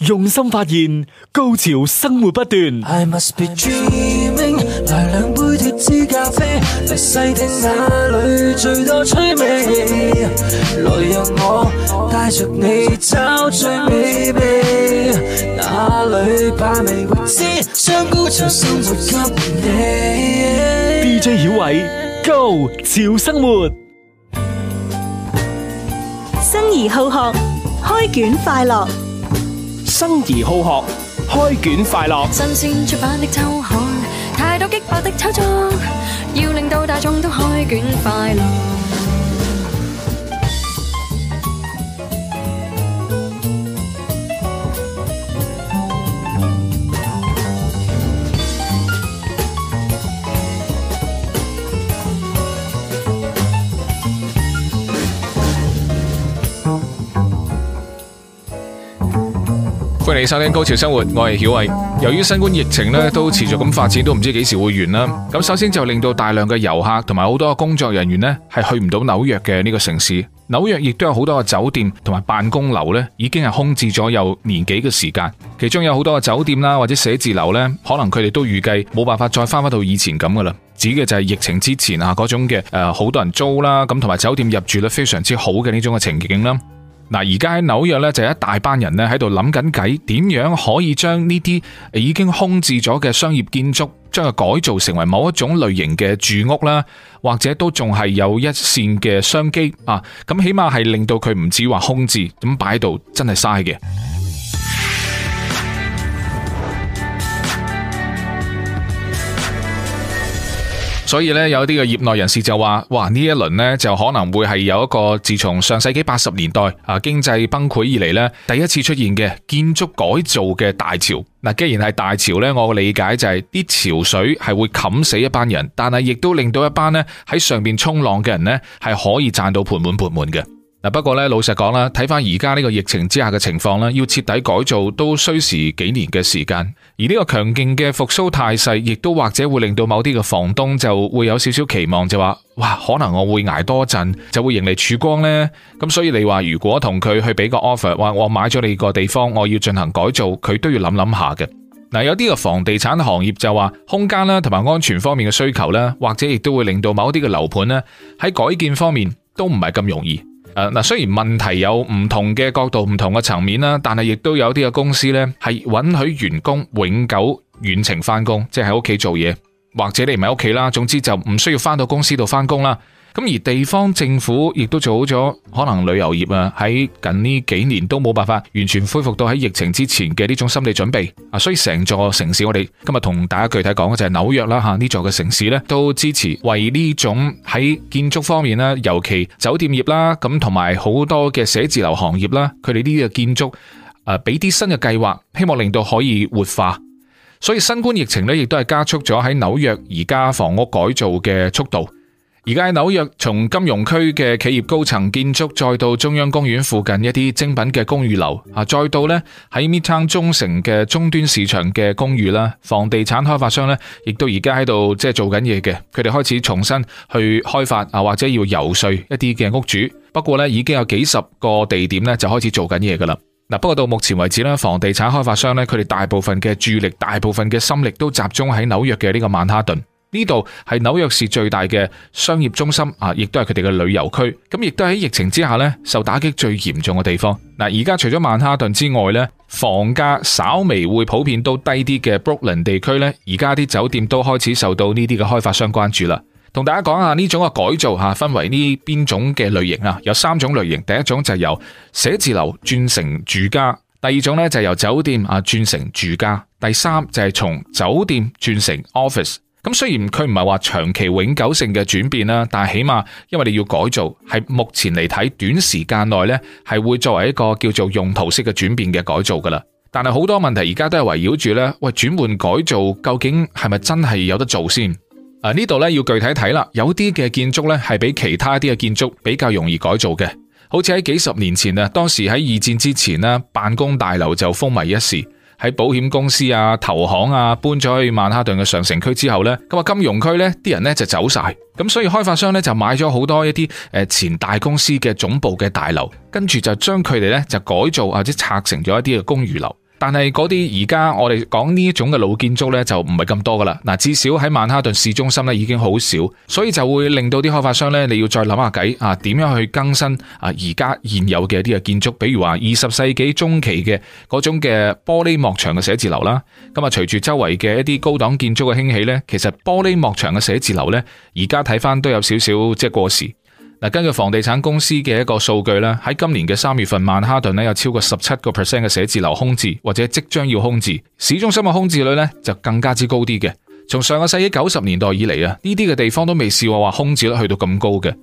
用心發現，高潮生活不斷。I must be dreaming，來兩杯脫脂咖啡，嚟細聽那裏最多趣味。來讓我帶着你找最美味，哪裏怕未知？將高潮生活給你。DJ 小偉，Go 潮生活，生而好學，開卷快樂。生而好學，開卷快樂。新鮮出版的週歡迎收聽高潮生活，我係曉慧。由於新冠疫情咧，都持續咁發展，都唔知幾時會完啦。咁首先就令到大量嘅遊客同埋好多嘅工作人員呢，係去唔到紐約嘅呢個城市。紐約亦都有好多嘅酒店同埋辦公樓呢，已經係空置咗有年幾嘅時間。其中有好多嘅酒店啦，或者寫字樓呢，可能佢哋都預計冇辦法再翻返到以前咁噶啦。指嘅就係疫情之前啊，嗰種嘅誒，好多人租啦，咁同埋酒店入住率非常之好嘅呢種嘅情景啦。嗱，而家喺紐約咧，就係一大班人咧喺度諗緊計，點樣可以將呢啲已經空置咗嘅商業建築，將佢改造成為某一種類型嘅住屋啦，或者都仲係有一線嘅商機啊！咁起碼係令到佢唔止話空置，咁擺喺度真係嘥嘅。所以呢，有啲嘅業內人士就話：哇！呢一輪呢，就可能會係有一個，自從上世紀八十年代啊經濟崩潰以嚟呢，第一次出現嘅建築改造嘅大潮。嗱，既然係大潮呢，我嘅理解就係啲潮水係會冚死一班人，但係亦都令到一班呢喺上面沖浪嘅人呢係可以賺到盆滿缽滿嘅。不過咧，老實講啦，睇翻而家呢個疫情之下嘅情況咧，要徹底改造都需時幾年嘅時間。而呢個強勁嘅復甦態勢，亦都或者會令到某啲嘅房東就會有少少期望，就話哇，可能我會捱多陣就會迎嚟曙光呢。咁所以你話如果同佢去俾個 offer，話我買咗你個地方，我要進行改造，佢都要諗諗下嘅。嗱，有啲嘅房地產行業就話空間啦，同埋安全方面嘅需求啦，或者亦都會令到某啲嘅樓盤呢喺改建方面都唔係咁容易。誒，嗱，雖然問題有唔同嘅角度、唔同嘅層面啦，但係亦都有啲嘅公司呢係允許員工永久遠程翻工，即係喺屋企做嘢，或者你唔喺屋企啦，總之就唔需要翻到公司度翻工啦。咁而地方政府亦都做好咗，可能旅遊業啊喺近呢幾年都冇辦法完全恢復到喺疫情之前嘅呢種心理準備啊，所以成座城市我哋今日同大家具體講嘅就係紐約啦吓，呢座嘅城市咧都支持為呢種喺建築方面啦，尤其酒店業啦，咁同埋好多嘅寫字樓行業啦，佢哋呢啲嘅建築誒，俾啲新嘅計劃，希望令到可以活化。所以新冠疫情咧，亦都係加速咗喺紐約而家房屋改造嘅速度。而家喺紐約，從金融區嘅企業高層建築，再到中央公園附近一啲精品嘅公寓樓，啊，再到呢喺 Midtown 中城嘅中端市場嘅公寓啦，房地產開發商呢，亦都而家喺度即係做緊嘢嘅，佢哋開始重新去開發啊，或者要遊說一啲嘅屋主。不過呢，已經有幾十個地點呢，就開始做緊嘢噶啦。嗱，不過到目前為止呢，房地產開發商呢，佢哋大部分嘅注意力、大部分嘅心力都集中喺紐約嘅呢個曼哈頓。呢度係紐約市最大嘅商業中心啊，亦都係佢哋嘅旅遊區，咁亦都喺疫情之下咧受打擊最嚴重嘅地方嗱。而家除咗曼哈頓之外呢，房價稍微會普遍都低啲嘅 Brooklyn 地區呢，而家啲酒店都開始受到呢啲嘅開發商關注啦。同大家講下呢種嘅改造吓，分為呢邊種嘅類型啊，有三種類型，第一種就係由寫字樓轉成住家，第二種呢，就係由酒店啊轉成住家，第三就係從酒店轉成 office。咁雖然佢唔係話長期永久性嘅轉變啦，但係起碼因為你要改造，係目前嚟睇短時間內呢係會作為一個叫做用途式嘅轉變嘅改造噶啦。但係好多問題而家都係圍繞住呢：「喂，轉換改造究竟係咪真係有得做先？」啊、呃、呢度呢要具體睇啦，有啲嘅建築呢係比其他啲嘅建築比較容易改造嘅，好似喺幾十年前啊，當時喺二戰之前啦，辦公大樓就風靡一時。喺保險公司啊、投行啊搬咗去曼哈頓嘅上城區之後呢，咁啊金融區呢啲人呢就走晒，咁所以開發商呢就買咗好多一啲誒前大公司嘅總部嘅大樓，跟住就將佢哋呢就改造或者拆成咗一啲嘅公寓樓。但係嗰啲而家我哋講呢一種嘅老建築呢，就唔係咁多噶啦。嗱，至少喺曼哈頓市中心呢，已經好少，所以就會令到啲開發商呢，你要再諗下計啊，點樣去更新啊？而家現有嘅一啲嘅建築，比如話二十世紀中期嘅嗰種嘅玻璃幕牆嘅寫字樓啦，咁啊，隨住周圍嘅一啲高檔建築嘅興起呢，其實玻璃幕牆嘅寫字樓呢，而家睇翻都有少少即係過時。根據房地產公司嘅一個數據咧，喺今年嘅三月份，曼哈頓咧有超過十七個 percent 嘅寫字樓空置或者即將要空置，市中心嘅空置率呢就更加之高啲嘅。從上個世紀九十年代以嚟啊，呢啲嘅地方都未試過話空置率去到咁高嘅。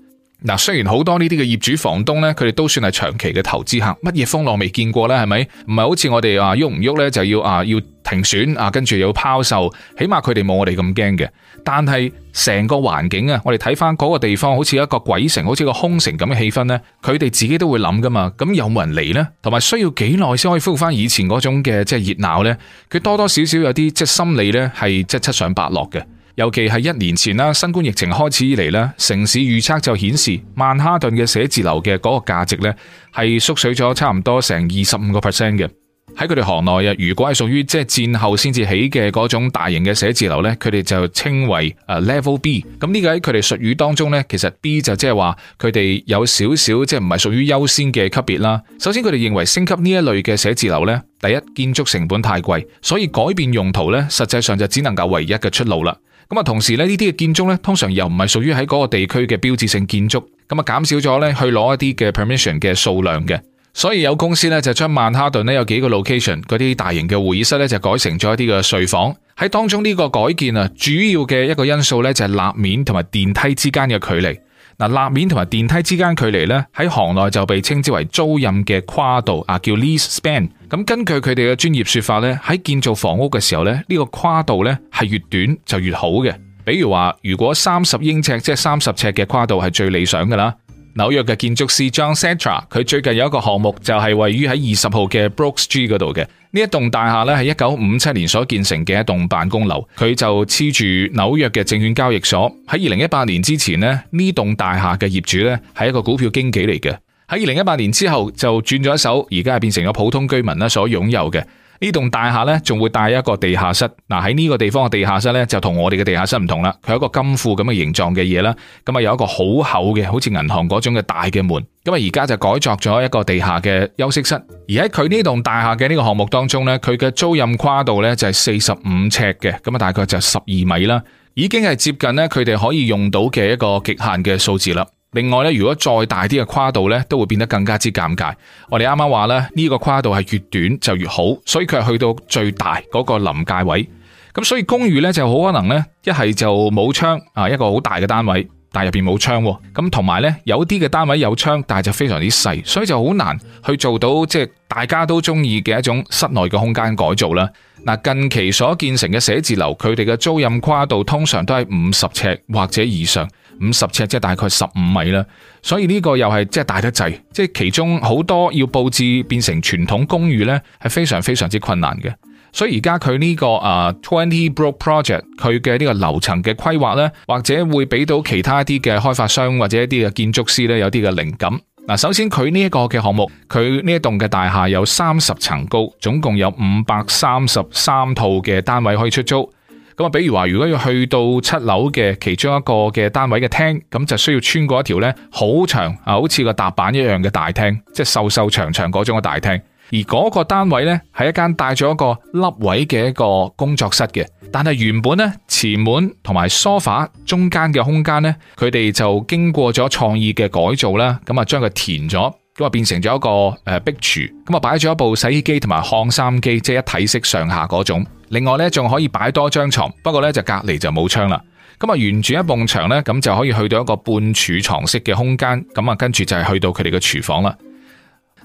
嗱，雖然好多呢啲嘅業主房東呢，佢哋都算係長期嘅投資客，乜嘢風浪未見過呢？係咪？唔係好似我哋話喐唔喐呢，就要啊要停選啊，跟住又要拋售，起碼佢哋冇我哋咁驚嘅。但係成個環境啊，我哋睇翻嗰個地方，好似一個鬼城，好似個空城咁嘅氣氛呢，佢哋自己都會諗噶嘛。咁有冇人嚟呢？同埋需要幾耐先可以恢復翻以前嗰種嘅即係熱鬧呢？佢多多少少有啲即係心理呢，係即係七上八落嘅。尤其係一年前啦，新冠疫情開始以嚟咧，城市預測就顯示曼哈頓嘅寫字樓嘅嗰個價值咧，係縮水咗差唔多成二十五個 percent 嘅。喺佢哋行內啊，如果係屬於即係戰後先至起嘅嗰種大型嘅寫字樓咧，佢哋就稱為誒 level B。咁呢個喺佢哋術語當中咧，其實 B 就即係話佢哋有少少即係唔係屬於優先嘅級別啦。首先佢哋認為升級呢一類嘅寫字樓咧，第一建築成本太貴，所以改變用途咧，實際上就只能夠唯一嘅出路啦。咁啊，同時咧，呢啲嘅建築呢，通常又唔係屬於喺嗰個地區嘅標誌性建築，咁啊，減少咗呢去攞一啲嘅 permission 嘅數量嘅，所以有公司呢，就將曼哈頓呢有幾個 location 嗰啲大型嘅會議室呢，就改成咗一啲嘅睡房。喺當中呢個改建啊，主要嘅一個因素呢，就係立面同埋電梯之間嘅距離。嗱，立面同埋電梯之間距離呢，喺行內就被稱之為租賃嘅跨度啊，叫 lease span。咁根據佢哋嘅專業說法咧，喺建造房屋嘅時候咧，呢、這個跨度咧係越短就越好嘅。比如話，如果三十英尺即係三十尺嘅跨度係最理想噶啦。紐約嘅建築師 John Cetra，佢最近有一個項目就係位於喺二十號嘅 Brooks G 嗰度嘅呢一棟大廈咧，係一九五七年所建成嘅一棟辦公樓。佢就黐住紐約嘅證券交易所。喺二零一八年之前咧，呢棟大廈嘅業主咧係一個股票經紀嚟嘅。喺二零一八年之後就轉咗一手，而家係變成咗普通居民咧所擁有嘅，呢棟大廈呢，仲會帶一個地下室。嗱、啊，喺呢個地方嘅地下室呢，就同我哋嘅地下室唔同啦。佢有一個金庫咁嘅形狀嘅嘢啦，咁、嗯、啊有一個好厚嘅，好似銀行嗰種嘅大嘅門。咁、嗯、啊，而家就改作咗一個地下嘅休息室。而喺佢呢棟大廈嘅呢個項目當中呢，佢嘅租賃跨度呢就係四十五尺嘅，咁、嗯、啊大概就十二米啦，已經係接近呢佢哋可以用到嘅一個極限嘅數字啦。另外咧，如果再大啲嘅跨度咧，都會變得更加之尷尬。我哋啱啱話咧，呢個跨度係越短就越好，所以佢係去到最大嗰個臨界位。咁所以公寓咧就好可能咧，一係就冇窗啊，一個好大嘅單位，但入邊冇窗。咁同埋咧，有啲嘅單位有窗，但係就非常之細，所以就好難去做到即係大家都中意嘅一種室內嘅空間改造啦。嗱，近期所建成嘅寫字樓，佢哋嘅租賃跨度通常都係五十尺或者以上。五十尺即係、就是、大概十五米啦，所以呢個又係即係大得滯，即、就、係、是、其中好多要布置變成傳統公寓呢，係非常非常之困難嘅。所以而家佢呢個啊 Twenty Block Project 佢嘅呢個樓層嘅規劃呢，或者會俾到其他一啲嘅開發商或者一啲嘅建築師呢，有啲嘅靈感。嗱，首先佢呢一個嘅項目，佢呢一棟嘅大廈有三十層高，總共有五百三十三套嘅單位可以出租。咁啊，比如話，如果要去到七樓嘅其中一個嘅單位嘅廳，咁就需要穿過一條咧好長啊，好似個踏板一樣嘅大廳，即係瘦瘦長長嗰種嘅大廳。而嗰個單位咧係一間帶咗一個凹位嘅一個工作室嘅，但係原本咧前門同埋梳化中間嘅空間咧，佢哋就經過咗創意嘅改造啦，咁啊將佢填咗，咁啊變成咗一個誒壁櫥，咁啊擺咗一部洗衣機同埋烘衫機，即係一體式上下嗰種。另外咧，仲可以擺多張床，不過咧就隔籬就冇窗啦。咁啊，沿住一埲牆呢，咁就可以去到一個半儲藏式嘅空間。咁啊，跟住就係去到佢哋嘅廚房啦。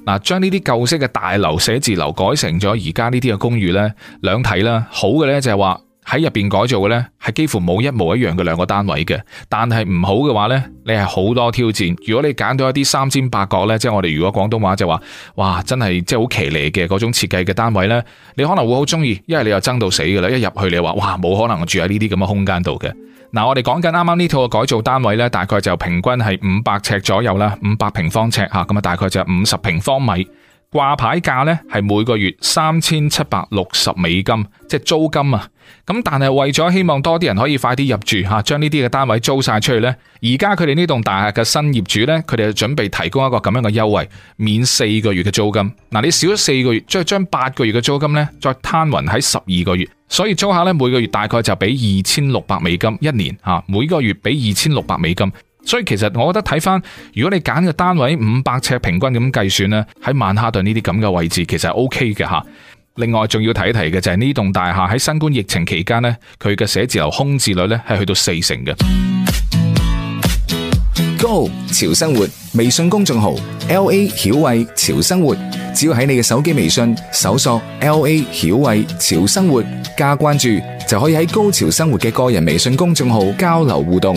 嗱，將呢啲舊式嘅大樓寫字樓改成咗而家呢啲嘅公寓呢，兩睇啦，好嘅呢就係話，喺入邊改造嘅呢，係幾乎冇一模一樣嘅兩個單位嘅。但係唔好嘅話呢，你係好多挑戰。如果你揀到一啲三尖八角呢，即係我哋如果廣東話就話，哇，真係即係好奇離嘅嗰種設計嘅單位呢，你可能會好中意。一係你又爭到死噶啦，一入去你話，哇，冇可能住喺呢啲咁嘅空間度嘅。嗱、啊，我哋講緊啱啱呢套嘅改造單位呢，大概就平均係五百尺左右啦，五百平方尺吓，咁啊大概就五十平方米。掛牌價呢係每個月三千七百六十美金，即係租金啊！咁但係為咗希望多啲人可以快啲入住吓，將呢啲嘅單位租晒出去呢。而家佢哋呢棟大廈嘅新業主呢，佢哋準備提供一個咁樣嘅優惠，免四個月嘅租金。嗱，你少咗四個月，即係將八個月嘅租金呢再攤勻喺十二個月，所以租下呢，每個月大概就俾二千六百美金一年啊，每個月俾二千六百美金。所以其實我覺得睇翻，如果你揀個單位五百尺，平均咁計算呢，喺曼哈頓呢啲咁嘅位置，其實係 O K 嘅吓。另外仲要提一提嘅就係呢棟大廈喺新冠疫情期間呢，佢嘅寫字樓空置率呢係去到四成嘅。高潮生活微信公眾號 L A 曉慧潮生活，只要喺你嘅手機微信搜索 L A 曉慧潮生活加關注，就可以喺高潮生活嘅個人微信公眾號交流互動。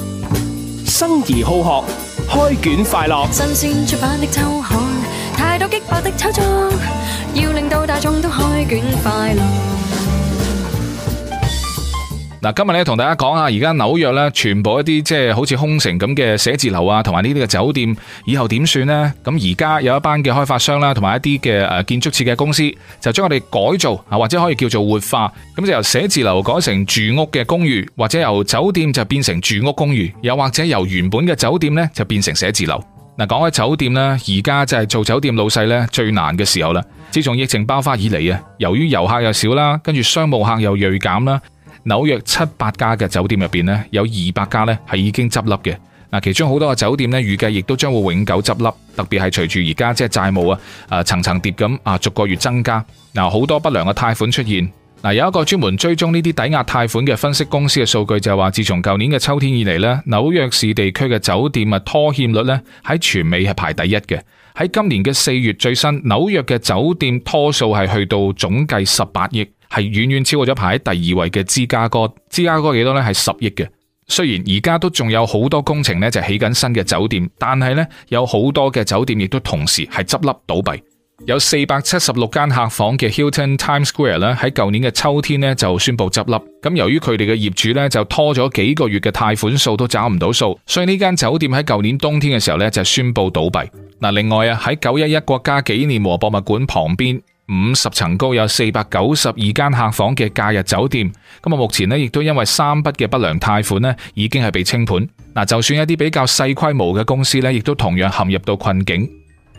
生而好學，開卷快樂。新鮮出版的周刊，太多激爆的炒作，要令到大眾都開卷快樂。嗱，今日咧同大家講下，而家紐約咧，全部一啲即係好似空城咁嘅寫字樓啊，同埋呢啲嘅酒店以後點算呢？咁而家有一班嘅開發商啦，同埋一啲嘅誒建築設計公司就將佢哋改造啊，或者可以叫做活化，咁就由寫字樓改成住屋嘅公寓，或者由酒店就變成住屋公寓，又或者由原本嘅酒店呢就變成寫字樓嗱。講開酒店咧，而家就係做酒店老細呢最難嘅時候啦。自從疫情爆發以嚟啊，由於遊客又少啦，跟住商務客又銳減啦。紐約七百家嘅酒店入邊呢，有二百家呢，係已經執笠嘅。嗱，其中好多嘅酒店呢，預計亦都將會永久執笠。特別係隨住而家即係債務啊，誒、呃、層層疊咁啊，逐個月增加。嗱、啊，好多不良嘅貸款出現。嗱、啊，有一個專門追蹤呢啲抵押貸款嘅分析公司嘅數據就話，自從舊年嘅秋天以嚟呢，紐約市地區嘅酒店啊拖欠率呢，喺全美係排第一嘅。喺今年嘅四月最新，紐約嘅酒店拖數係去到總計十八億。係遠遠超過咗排喺第二位嘅芝加哥，芝加哥幾多呢？係十億嘅。雖然而家都仲有好多工程呢，就起緊新嘅酒店，但係呢，有好多嘅酒店亦都同時係執笠倒閉。有四百七十六間客房嘅 Hilton Times Square 呢，喺舊年嘅秋天呢，就宣布執笠。咁由於佢哋嘅業主呢，就拖咗幾個月嘅貸款數都找唔到數，所以呢間酒店喺舊年冬天嘅時候呢，就宣布倒閉。嗱，另外啊喺九一一國家紀念和博物館旁邊。五十層高有四百九十二間客房嘅假日酒店，咁啊，目前呢，亦都因為三筆嘅不良貸款呢，已經係被清盤。嗱，就算一啲比較細規模嘅公司呢，亦都同樣陷入到困境。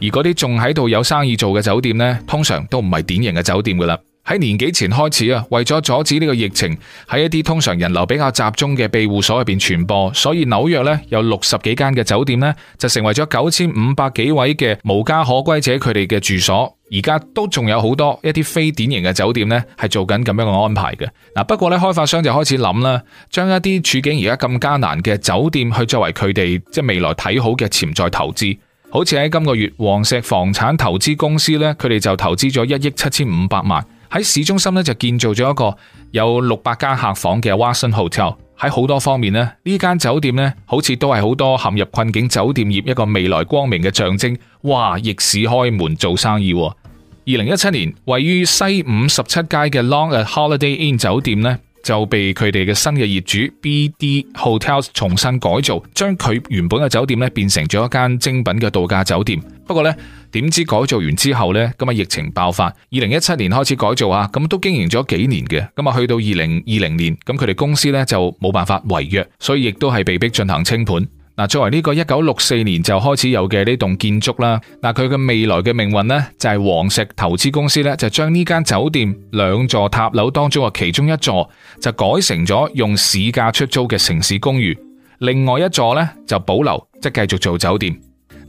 而嗰啲仲喺度有生意做嘅酒店呢，通常都唔係典型嘅酒店噶啦。喺年幾前開始啊，為咗阻止呢個疫情喺一啲通常人流比較集中嘅庇護所入邊傳播，所以紐約呢，有六十幾間嘅酒店呢，就成為咗九千五百幾位嘅無家可歸者佢哋嘅住所。而家都仲有好多一啲非典型嘅酒店呢，係做緊咁樣嘅安排嘅。嗱，不過咧，開發商就開始諗啦，將一啲處境而家咁艱難嘅酒店去作為佢哋即係未來睇好嘅潛在投資。好似喺今個月，黃石房產投資公司呢，佢哋就投資咗一億七千五百萬喺市中心呢，就建造咗一個有六百間客房嘅 Watson Hotel。喺好多方面呢，呢間酒店呢，好似都係好多陷入困境酒店業一個未來光明嘅象徵。哇！逆市開門做生意哦。二零一七年，位於西五十七街嘅 Longer Holiday Inn 酒店呢，就被佢哋嘅新嘅業主 BD Hotels 重新改造，將佢原本嘅酒店呢變成咗一間精品嘅度假酒店。不過呢，點知改造完之後呢，咁啊疫情爆發，二零一七年開始改造啊，咁都經營咗幾年嘅，咁啊去到二零二零年，咁佢哋公司呢就冇辦法違約，所以亦都係被逼進行清盤。嗱，作為呢個一九六四年就開始有嘅呢棟建築啦，嗱佢嘅未來嘅命運呢，就係黃石投資公司呢，就將呢間酒店兩座塔樓當中嘅其中一座就改成咗用市價出租嘅城市公寓，另外一座呢，就保留即、就是、繼續做酒店。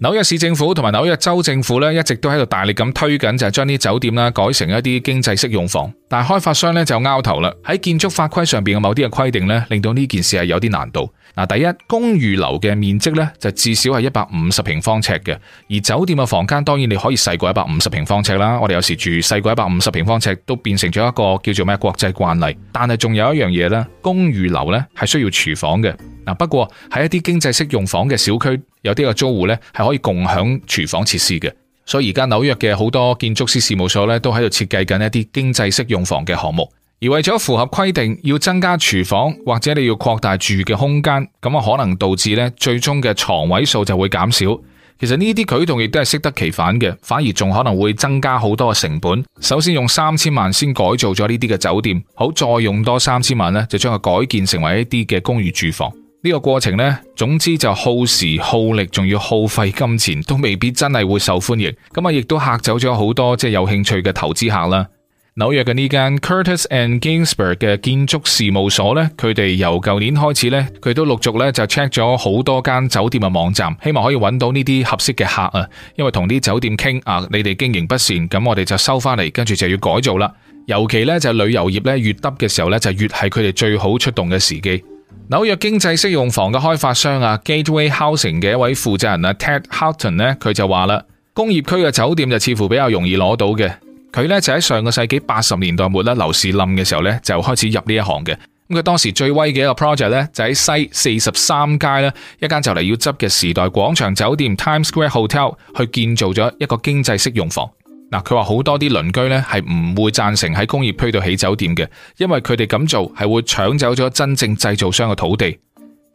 紐約市政府同埋紐約州政府呢，一直都喺度大力咁推緊就係將啲酒店啦改成一啲經濟適用房。但係開發商咧就拗頭啦，喺建築法規上邊嘅某啲嘅規定呢，令到呢件事係有啲難度。嗱，第一，公寓樓嘅面積呢，就至少係一百五十平方尺嘅，而酒店嘅房間當然你可以細過一百五十平方尺啦。我哋有時住細過一百五十平方尺都變成咗一個叫做咩國際慣例。但係仲有一樣嘢呢，公寓樓呢係需要廚房嘅。嗱，不過喺一啲經濟適用房嘅小區，有啲嘅租戶呢係可以共享廚房設施嘅。所以而家紐約嘅好多建築師事務所咧，都喺度設計緊一啲經濟適用房嘅項目。而為咗符合規定，要增加廚房或者你要擴大住嘅空間，咁啊可能導致咧最終嘅床位數就會減少。其實呢啲舉動亦都係適得其反嘅，反而仲可能會增加好多嘅成本。首先用三千萬先改造咗呢啲嘅酒店，好，再用多三千萬咧，就將佢改建成為一啲嘅公寓住房。呢個過程呢，總之就耗時、耗力，仲要耗費金錢，都未必真係會受歡迎。咁啊，亦都嚇走咗好多即係有興趣嘅投資客啦。紐約嘅呢間 Curtis and Ginsburg 嘅建築事務所呢，佢哋由舊年開始呢，佢都陸續呢就 check 咗好多間酒店嘅網站，希望可以揾到呢啲合適嘅客啊。因為同啲酒店傾啊，你哋經營不善，咁我哋就收翻嚟，跟住就要改造啦。尤其呢，就旅遊業呢，越耷嘅時候呢，就越係佢哋最好出動嘅時機。紐約經濟適用房嘅開發商啊，Gateway Housing 嘅一位負責人啊，Ted Houghton 呢佢就話啦，工業區嘅酒店就似乎比較容易攞到嘅。佢呢就喺上個世紀八十年代末啦，樓市冧嘅時候呢，就開始入呢一行嘅。咁佢當時最威嘅一個 project 呢，就喺西四十三街啦，一間就嚟要執嘅時代廣場酒店 （Times Square Hotel） 去建造咗一個經濟適用房。嗱，佢話好多啲鄰居咧係唔會讚成喺工業區度起酒店嘅，因為佢哋咁做係會搶走咗真正製造商嘅土地。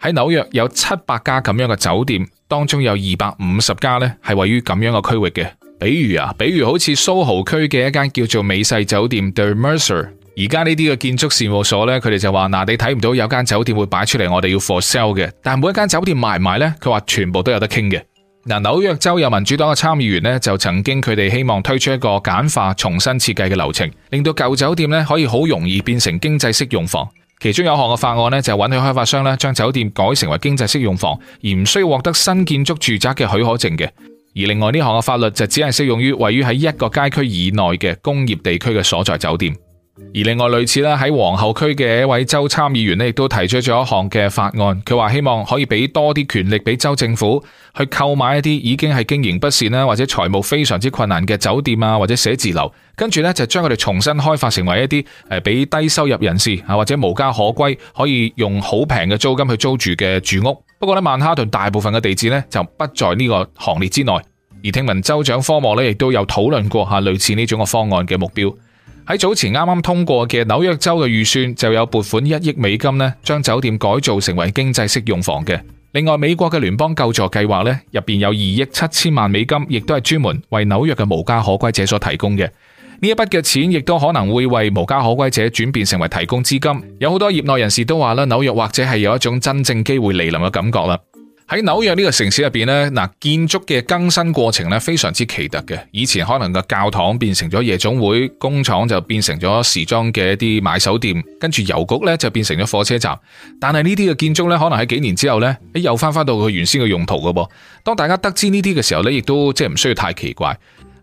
喺紐約有七百家咁樣嘅酒店，當中有二百五十家咧係位於咁樣嘅區域嘅。比如啊，比如好似蘇豪區嘅一間叫做美世酒店 The Mercer，而家呢啲嘅建築事務所咧，佢哋就話嗱，你睇唔到有間酒店會擺出嚟，我哋要 for sale 嘅，但係每一間酒店賣唔賣咧，佢話全部都有得傾嘅。嗱，紐約州有民主黨嘅參議員呢，就曾經佢哋希望推出一個簡化重新設計嘅流程，令到舊酒店呢可以好容易變成經濟適用房。其中有項嘅法案呢，就允許開發商呢將酒店改成為經濟適用房，而唔需要獲得新建築住宅嘅許可證嘅。而另外呢項嘅法律就只係適用於位於喺一個街區以內嘅工業地區嘅所在酒店。而另外類似咧喺皇后區嘅一位州參議員呢，亦都提出咗一項嘅法案，佢話希望可以俾多啲權力俾州政府去購買一啲已經係經營不善啦，或者財務非常之困難嘅酒店啊，或者寫字樓，跟住咧就將佢哋重新開發成為一啲誒俾低收入人士啊或者無家可歸可以用好平嘅租金去租住嘅住屋。不過咧曼哈頓大部分嘅地址咧就不在呢個行列之內。而聽聞州長科莫咧亦都有討論過吓類似呢種嘅方案嘅目標。喺早前啱啱通過嘅紐約州嘅預算，就有撥款一億美金咧，將酒店改造成為經濟適用房嘅。另外，美國嘅聯邦救助計劃咧，入邊有二億七千萬美金，亦都係專門為紐約嘅無家可歸者所提供嘅。呢一筆嘅錢，亦都可能會為無家可歸者轉變成為提供資金。有好多業內人士都話啦，紐約或者係有一種真正機會嚟臨嘅感覺啦。喺紐約呢個城市入邊呢，嗱，建築嘅更新過程呢，非常之奇特嘅。以前可能個教堂變成咗夜總會，工廠就變成咗時裝嘅一啲買手店，跟住郵局呢就變成咗火車站。但係呢啲嘅建築呢，可能喺幾年之後呢，又翻翻到佢原先嘅用途噶噃。當大家得知呢啲嘅時候呢，亦都即係唔需要太奇怪。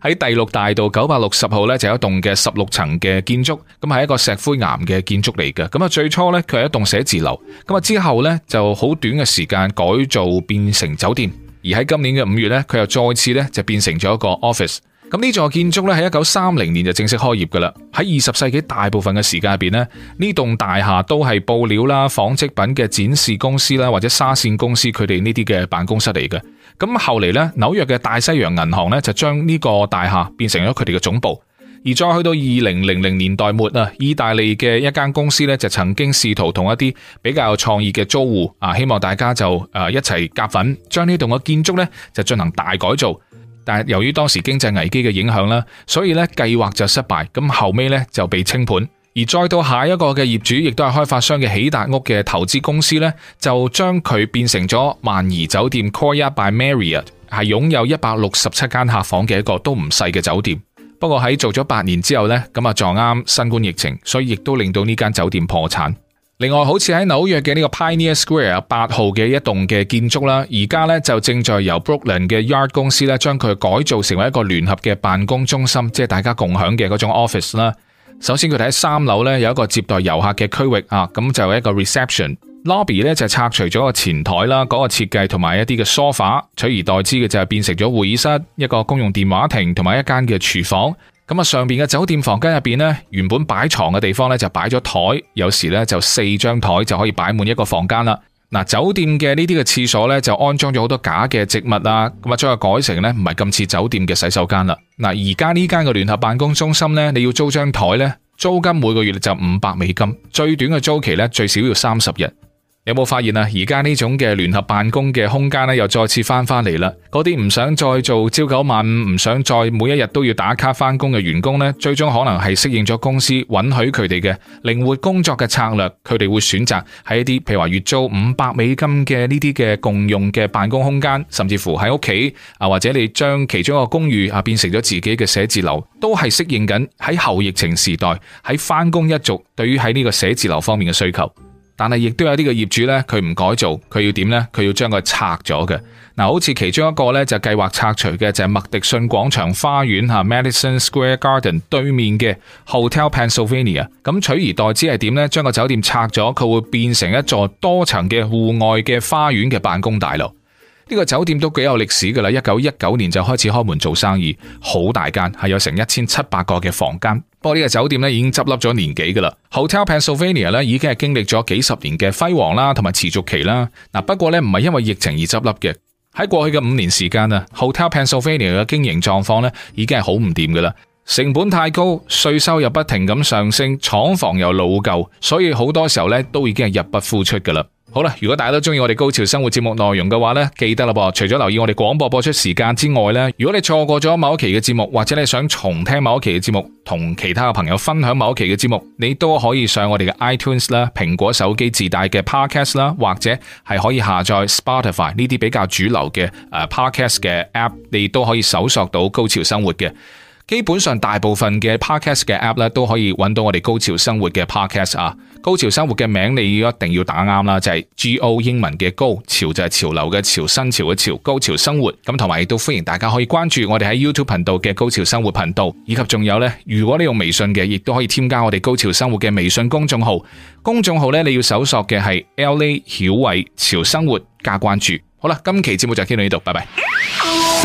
喺第六大道九百六十六號咧，就有、是、一棟嘅十六層嘅建築，咁係一個石灰岩嘅建築嚟嘅。咁啊，最初呢，佢係一棟寫字樓，咁啊之後呢，就好短嘅時間改造變成酒店，而喺今年嘅五月呢，佢又再次呢，就變成咗一個 office。咁呢座建築呢，喺一九三零年就正式開業噶啦。喺二十世紀大部分嘅時間入邊呢，呢棟大廈都係布料啦、紡織品嘅展示公司啦，或者沙線公司佢哋呢啲嘅辦公室嚟嘅。咁後嚟咧，紐約嘅大西洋銀行咧就將呢個大廈變成咗佢哋嘅總部，而再去到二零零零年代末啊，意大利嘅一間公司咧就曾經試圖同一啲比較有創意嘅租戶啊，希望大家就誒一齊夾份，將呢棟嘅建築咧就進行大改造，但係由於當時經濟危機嘅影響啦，所以咧計劃就失敗，咁後尾咧就被清盤。而再到下一個嘅業主，亦都係開發商嘅喜達屋嘅投資公司呢，就將佢變成咗萬怡酒店 c o y a by Marriott），係擁有一百六十七間客房嘅一個都唔細嘅酒店。不過喺做咗八年之後呢，咁啊撞啱新冠疫情，所以亦都令到呢間酒店破產。另外，好似喺紐約嘅呢個 Pioneer Square 八號嘅一棟嘅建築啦，而家呢就正在由 Brooklyn、ok、嘅 Yard 公司呢，將佢改造成為一個聯合嘅辦公中心，即係大家共享嘅嗰種 office 啦。首先佢哋喺三樓咧有一個接待遊客嘅區域啊，咁就有、是、一個 reception lobby 咧就拆除咗個前台啦，嗰個設計同埋一啲嘅 sofa，取而代之嘅就係變成咗會議室，一個公用電話亭同埋一間嘅廚房。咁啊上邊嘅酒店房間入邊呢，原本擺床嘅地方咧就擺咗台，有時咧就四張台就可以擺滿一個房間啦。酒店嘅呢啲嘅廁所呢，就安裝咗好多假嘅植物啊，咁啊，再改成呢唔係咁似酒店嘅洗手間啦。嗱，而家呢間嘅聯合辦公中心呢，你要租張枱呢，租金每個月就五百美金，最短嘅租期呢，最少要三十日。有冇發現啊？而家呢種嘅聯合辦公嘅空間呢，又再次翻返嚟啦。嗰啲唔想再做朝九晚五，唔想再每一日都要打卡翻工嘅員工呢，最終可能係適應咗公司允許佢哋嘅靈活工作嘅策略，佢哋會選擇喺一啲，譬如話月租五百美金嘅呢啲嘅共用嘅辦公空間，甚至乎喺屋企啊，或者你將其中一個公寓啊變成咗自己嘅寫字樓，都係適應緊喺後疫情時代，喺翻工一族對於喺呢個寫字樓方面嘅需求。但係亦都有啲嘅業主呢，佢唔改造，佢要點呢？佢要將佢拆咗嘅。嗱，好似其中一個呢，就計劃拆除嘅就係麥迪遜廣場花園嚇 （Madison Square Garden） 對面嘅 Hotel Pennsylvania。咁取而代之係點呢？將個酒店拆咗，佢會變成一座多層嘅戶外嘅花園嘅辦公大樓。呢個酒店都幾有歷史噶啦，一九一九年就開始開門做生意，好大間，係有成一千七百個嘅房間。不過呢個酒店呢已經執笠咗年幾噶啦。Hotel Pennsylvania 呢已經係經歷咗幾十年嘅輝煌啦，同埋持續期啦。嗱，不過呢唔係因為疫情而執笠嘅。喺過去嘅五年時間啊，Hotel Pennsylvania 嘅經營狀況呢已經係好唔掂噶啦，成本太高，稅收又不停咁上升，廠房又老舊，所以好多時候呢都已經係入不敷出噶啦。好啦，如果大家都中意我哋《高潮生活》節目內容嘅話呢，記得啦噃，除咗留意我哋廣播播出時間之外呢，如果你錯過咗某一期嘅節目，或者你想重聽某一期嘅節目，同其他嘅朋友分享某一期嘅節目，你都可以上我哋嘅 iTunes 啦，蘋果手機自帶嘅 Podcast 啦，或者係可以下載 Spotify 呢啲比較主流嘅誒 Podcast 嘅 App，你都可以搜索到《高潮生活》嘅。基本上大部分嘅 Podcast 嘅 App 咧，都可以揾到我哋《高潮生活》嘅 Podcast 啊。高潮生活嘅名你要一定要打啱啦，就係 GO 英文嘅高潮，就係潮流嘅潮，新潮嘅潮，高潮生活。咁同埋亦都歡迎大家可以關注我哋喺 YouTube 頻道嘅高潮生活頻道，以及仲有呢，如果你用微信嘅，亦都可以添加我哋高潮生活嘅微信公眾號。公眾號呢，你要搜索嘅係 L A 曉偉潮生活加關注。好啦，今期節目就傾到呢度，拜拜。